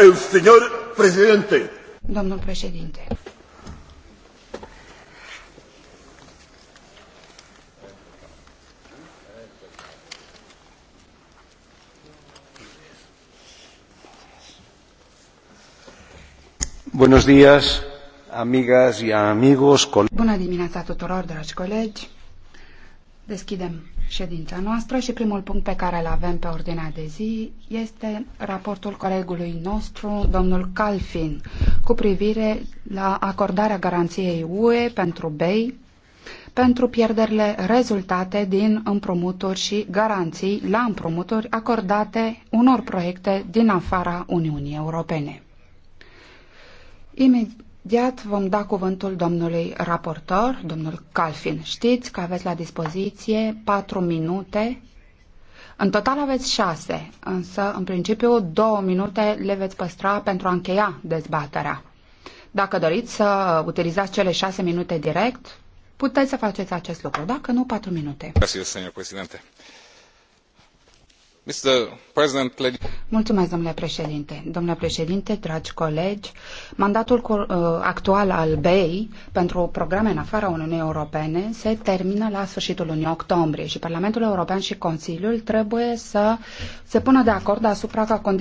El señor presidente. Domnul președinte. Buenos días, amigas y amigos. Bună dimineața tuturor, dragi colegi. Deschidem ședința noastră și primul punct pe care îl avem pe ordinea de zi este raportul colegului nostru, domnul Calfin, cu privire la acordarea garanției UE pentru BEI pentru pierderile rezultate din împrumuturi și garanții la împrumuturi acordate unor proiecte din afara Uniunii Europene. Imediat Diat vom da cuvântul domnului raportor, domnul Calfin. Știți că aveți la dispoziție 4 minute. În total aveți 6, însă în principiu 2 minute le veți păstra pentru a încheia dezbaterea. Dacă doriți să utilizați cele 6 minute direct, puteți să faceți acest lucru. Dacă nu, 4 minute. Mulțumesc, domnule președinte domnule președinte. Domnule președinte, dragi colegi, mandatul uh, actual al BEI pentru programe în afara Uniunii Europene se termină la sfârșitul lunii octombrie și Parlamentul European și Consiliul trebuie să se pună de acord asupra condițiilor